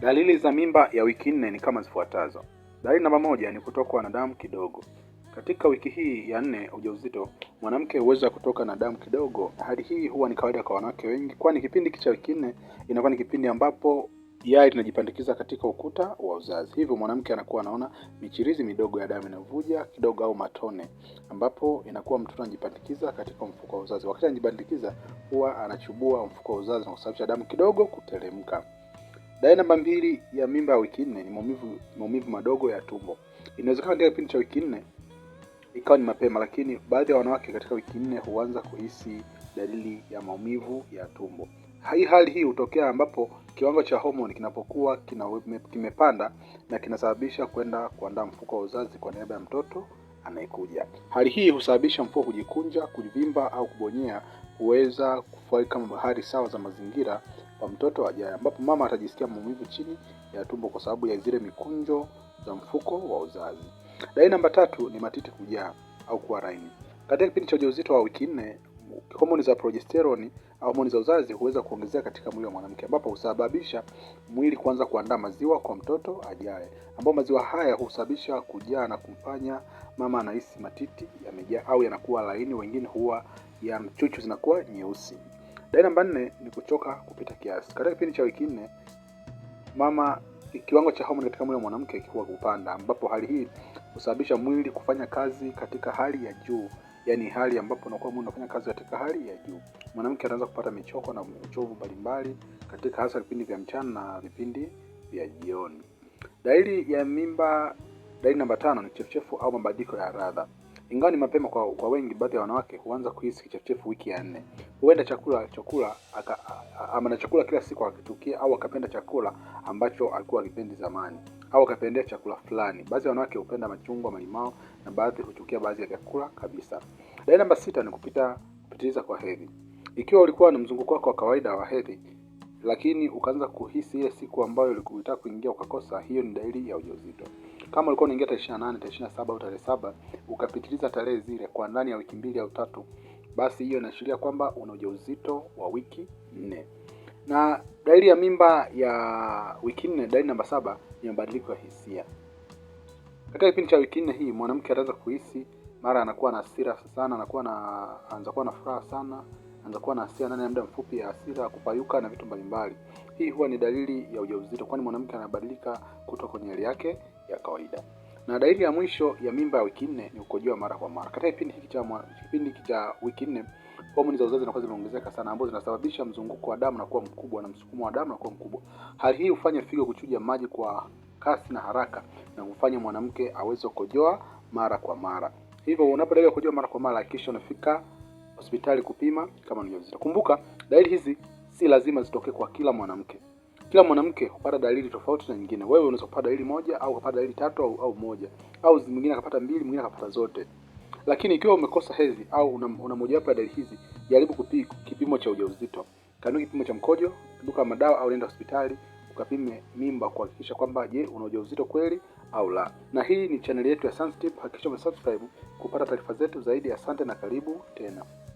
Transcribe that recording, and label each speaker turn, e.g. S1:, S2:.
S1: Dalili za mimba ya wiki nne ni kama zifuatazo. Dalili namba moja ni kutokwa na damu kidogo. Katika wiki hii ya nne ujauzito, mwanamke huweza kutoka na damu kidogo, hali hii huwa ni kawaida kwa wanawake wengi, kwani kipindi cha wiki nne inakuwa ni kipindi ambapo yai linajipandikiza katika ukuta wa uzazi, hivyo mwanamke anakuwa anaona michirizi midogo ya damu inavuja kidogo au matone, ambapo inakuwa mtoto anajipandikiza katika mfuko wa uzazi. Wakati anajipandikiza, huwa anachubua mfuko wa uzazi na kusababisha damu kidogo kuteremka. Dalili namba mbili ya mimba ya wiki nne ni maumivu, maumivu madogo ya tumbo. Inawezekana katika kipindi cha wiki nne ikawa ni mapema, lakini baadhi ya wanawake katika wiki nne huanza kuhisi dalili ya maumivu ya tumbo. Hii hali hii hutokea ambapo kiwango cha homoni kinapokuwa kina, kimepanda na kinasababisha kwenda kuandaa mfuko wa uzazi kwa niaba ya mtoto anayekuja. Hali hii husababisha mfuko kujikunja, kuvimba au kubonyea, huweza kufaika kama bahari sawa za mazingira kwa mtoto ajaye, ambapo mama atajisikia maumivu chini ya tumbo kwa sababu ya zile mikunjo za mfuko wa uzazi. Dalili namba tatu ni matiti kujaa au kuwa laini. Katika kipindi cha ujauzito wa wiki nne, homoni za progesterone au homoni za uzazi huweza kuongezeka katika mwili wa mwanamke, ambapo husababisha mwili kuanza kuandaa maziwa kwa mtoto ajaye, ambapo maziwa haya husababisha kujaa na kumfanya mama anahisi matiti yamejaa au yanakuwa laini. Wengine huwa ya mchuchu zinakuwa nyeusi. Dai namba nne ni kuchoka kupita kiasi. Katika kipindi cha wiki nne, mama kiwango cha homoni katika mwili wa mwanamke kikuwa kupanda, ambapo hali hii husababisha mwili kufanya kazi katika hali ya juu, yani hali ambapo unakuwa mwili unafanya kazi katika hali ya juu. Mwanamke anaanza kupata michoko na uchovu mbalimbali katika hasa vipindi vya mchana na vipindi vya jioni. Dalili ya mimba. Dalili namba tano ni kichefuchefu au mabadiliko ya radha. Ingawa ni mapema kwa, kwa wengi, baadhi ya wanawake huanza kuhisi kichefuchefu wiki ya nne huenda chakula chakula ama na chakula kila siku akitukia au akapenda chakula ambacho alikuwa akipendi zamani au akapendea chakula fulani. Baadhi ya wanawake hupenda machungwa, malimao na baadhi huchukia baadhi ya vyakula kabisa. Dalili namba sita ni kupita kupitiliza kwa hedhi. Ikiwa ulikuwa na mzunguko wako wa kawaida wa hedhi, lakini ukaanza kuhisi ile siku ambayo ulikuita kuingia ukakosa, hiyo ni dalili ya ujauzito. Kama ulikuwa unaingia tarehe 28, tarehe 27 au tarehe saba ukapitiliza tarehe zile kwa ndani ya wiki mbili au tatu basi hiyo inaashiria kwamba una ujauzito wa wiki nne. Na dalili ya mimba ya wiki nne, dalili namba saba ni mabadiliko ya hisia. Katika kipindi cha wiki nne hii mwanamke anaanza kuhisi mara anakuwa na hasira sana, anakuwa na anaanza kuwa na furaha sana, anaanza kuwa na hasira ndani ya muda mfupi, ya hasira, kupayuka na vitu mbalimbali. Hii huwa ni dalili ya ujauzito, kwani mwanamke anabadilika kutoka kwenye hali yake ya kawaida. Na dalili ya mwisho ya mimba ya wiki nne ni ukojoa mara kwa mara. Katika kipindi hiki cha kipindi cha wiki nne, homoni za uzazi zinakuwa zimeongezeka sana, ambazo zinasababisha mzunguko wa damu na kuwa mkubwa na msukumo wa damu na kuwa mkubwa. Hali hii hufanya figo kuchuja maji kwa kasi na haraka na kufanya mwanamke aweze kukojoa mara kwa mara. Hivyo unapodaiwa kukojoa mara kwa mara, hakikisha unafika hospitali kupima kama ni mjamzito. Kumbuka, dalili hizi si lazima zitokee kwa kila mwanamke. Kila mwanamke hupata dalili tofauti na nyingine. Wewe unaweza kupata dalili moja au kupata dalili tatu au, au moja au mwingine akapata mbili, mwingine akapata zote. Lakini ikiwa umekosa hedhi au una, una mojawapo ya dalili hizi, jaribu kupiga kipimo cha ujauzito, kanuni kipimo cha mkojo, duka madawa au nenda hospitali ukapime mimba kuhakikisha kwamba je, una ujauzito kweli au la. Na hii ni chaneli yetu ya Sanzi Tips, hakikisha umesubscribe kupata taarifa zetu zaidi. Asante na karibu tena.